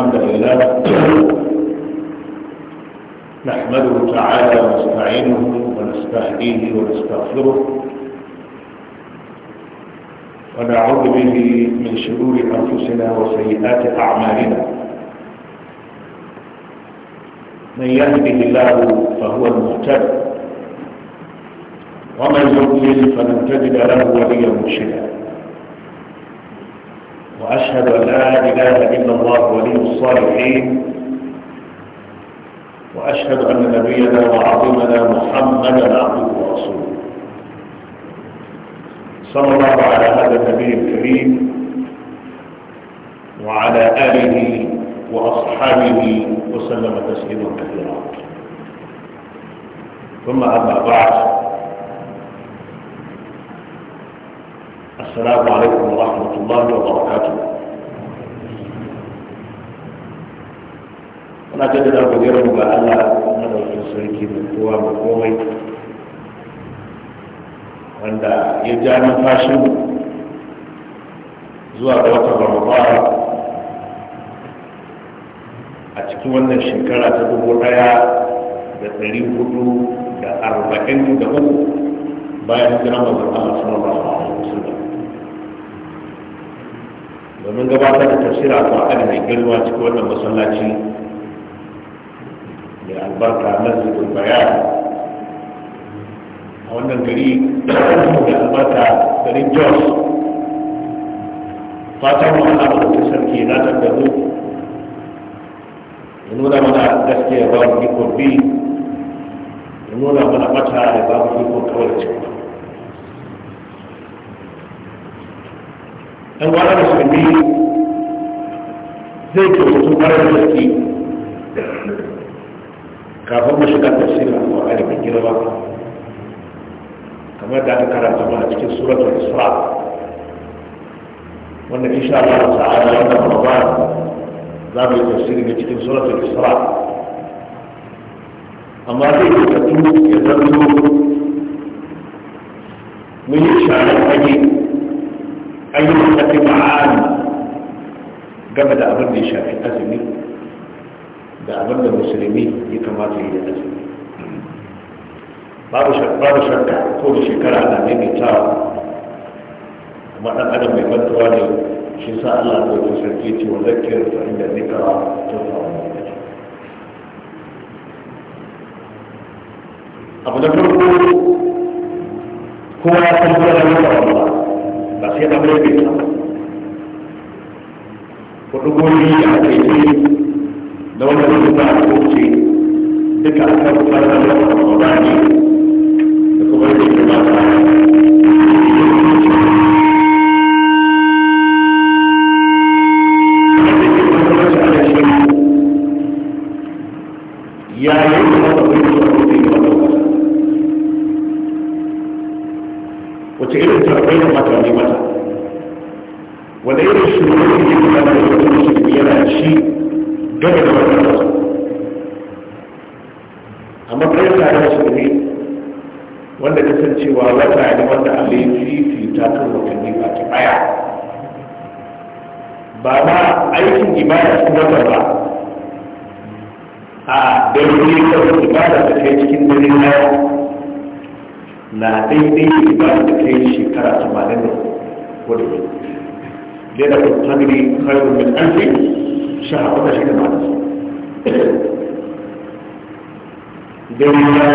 الحمد لله نحمده تعالى ونستعينه ونستهديه ونستغفره ونعوذ به من شرور أنفسنا وسيئات أعمالنا من يهده الله فهو المهتد ومن يضلل فلن تجد له وليا مرشدا وأشهد أن لا إله إلا الله ولي الصالحين وأشهد أن نبينا وعظيمنا محمدا عبده ورسوله صلى الله على هذا النبي الكريم وعلى آله وأصحابه وسلم تسليما كثيرا ثم أما بعد السلام عليكم ورحمة الله وبركاته muna jaddada godiyarmu ga Allah na ɗaukin sarki mai kowa mai komai wanda ya ja numfashin zuwa ga wata ramadan a cikin wannan shekara ta dubu ɗaya da ɗari hudu da arba'in da uku bayan jiran mazan Allah sallallahu domin gabatar da tafsira a ƙwa'ani mai girma cikin wannan masallaci mai albarka masjidul bayan a wannan gari mai albarka garin jos fatan mu ana mutum sarki na gado ya nuna mana gaske ba mu iko bi ya nuna mana mata ya ba iko kawai cikin musulmi zai kyautatu da gaske kafin mu girma kamar da aka karanta mana cikin isra wanda insha Allah ta'ala za mu yi tafsiri ne cikin isra amma zai kyautatu ya zanto mun yi ayyukan da kuma an game da abin da ya shafi azumi da abin da musulmi ya kamata yi da azumi babu shakka ko da shekara ana maimaitawa amma dan adam mai mantuwa ne shi sa Allah ko ta sarki ce wa zakir fa inda zikra tanfa'u abu da farko kowa ya san cewa ne ba ba sai an rabe ta kudu goyi a kai da wani rubuta a kowace duka a fara da wani wace irin tarbai da mata ne mata wanda irin shirin da ke kula da wata musulmi yana shi gaba da wata rasu amma kai tare da su ne wanda kasancewa wata ne wanda a ya fita kan watanni ba ta baya ba ma aikin ibada su wata ba a dare ne kawai ibada ta kai cikin dare na na daidai ibadar da kai shekara tamanin da wadda ne lera da tamiri kayan min alfi shahararwa da shekara masu don yana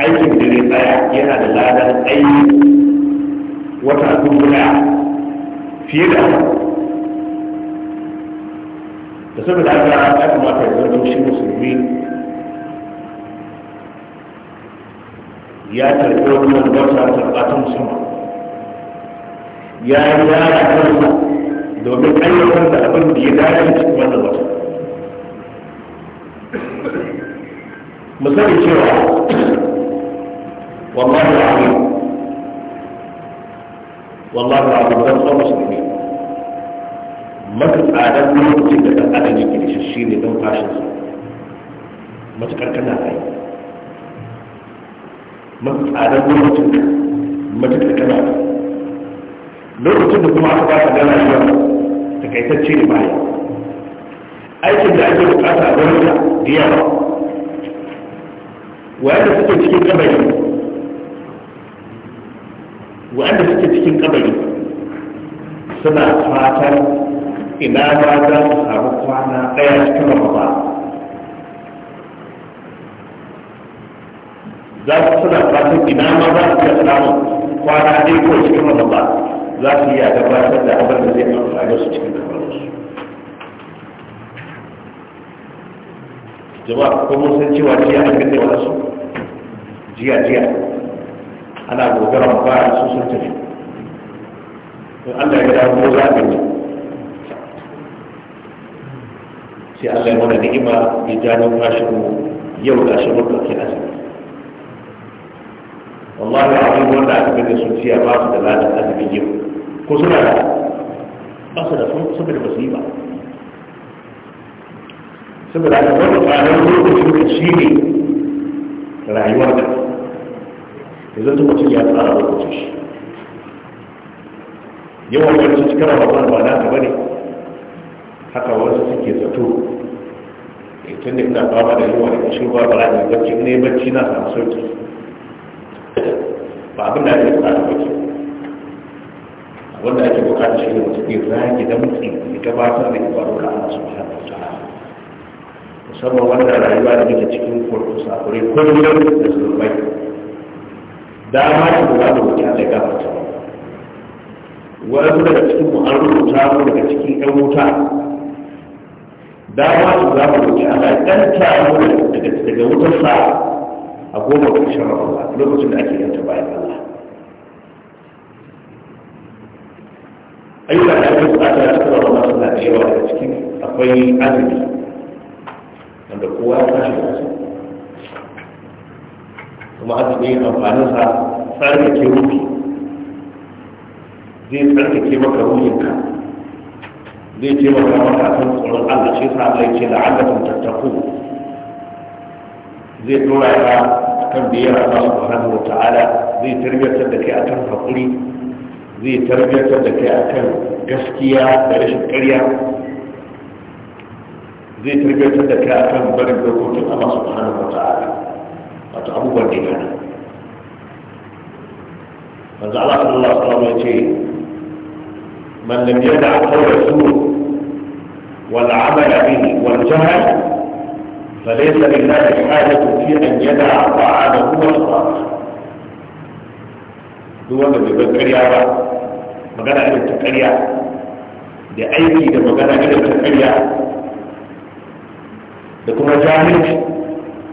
aikin da ne tsaya yana da ladar aiki wata dubbuna fiye da da saboda haka ya kamata ya zarto shi musulmi ya tarbi wannan wata tarba ta musamman ya yi yara kansa domin ayyukan da abin da ya dace cikin wannan wata mu sani cewa wallahi al'azim wallahi al'azim dan tsawon musulmi mafi tsadar lokacin da ɗan adam yake da shi ne don fashinsa matuƙar kana rayu mafi tsadar lokacin ka matuƙa kana lokacin da kuma aka ba ka dala ta takaitacce ne baya aikin da ake bukata a wurinka da yawa wanda suke cikin kabari wanda suke cikin kabari suna fatan ina ba za su samu kwana ɗaya cikin ramadan za su suna fatan ina ma za su iya samun kwana ɗaya ko cikin ramadan za su iya gabatar da abin da zai amfani su cikin kamarinsu jama'a ko mun san cewa jiya an gane su jiya jiya ana dogara ba su sun tafi in Allah ya dawo za a yi sai Allah ya mana ni'ima ya jawo kashin mu yau da shi mutum ke asibiti. wallahi abin wanda aka gane sun ce ba su da ladan azumin yau ko suna da ba su da sun saboda ba su yi ba saboda haka wani tsarin lokacin da shi ne rayuwar da yanzu ta mutum ya tsara lokacin shi yawan yanzu cikin rabuwar ba na ka bane haka wasu suke zato eh, tun da ina fama da yawa da kashin ba ba a ne bacci na samu sauki ba abin da ake bukata ba ke abin da ake bukata shi ne mutum ya zage da mutum ya gabatar da ibaru ga Allah subhanahu wa ta'ala musamman wanda rayuwa da muke cikin kurkusa kure kullum da da dama ki kula da wuta da gabata gafarta wasu daga cikin mu ta rubuta daga cikin 'yan wuta dama su za mu roƙi Allah ɗan ta daga wutar sa a goma ƙarshen rabuwa lokacin da ake yanta bayan Allah cewa da ciki akwai azumi wanda kowa ya tashi da kuma azumi amfaninsa tsarkake ruhi zai tsarkake maka ruhinka zai taimaka maka kan tsoron Allah shi sa Allah yake la'allakum tattaqu zai tura ya kan biyar Allah subhanahu wa ta'ala zai tarbiyyar da kai akan hakuri zai tarbiyatar da kai akan gaskiya da rashin ƙarya zai tarbiyatar da kai akan barin dokokin Allah subhanahu wa ta'ala wato abubuwan da yana manzo Allah sallallahu alaihi su ya ce man lam yada qawla sur wal amal bihi tafi jahl yana ba a da kuma su ba duk wanda bai يا ba magana irin ta ƙarya da aiki da magana irin ta ƙarya da kuma jahilci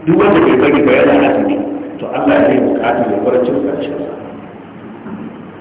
duk wanda bai bari ba yana asibi to Allah zai bukatu ya bar cin karshen sa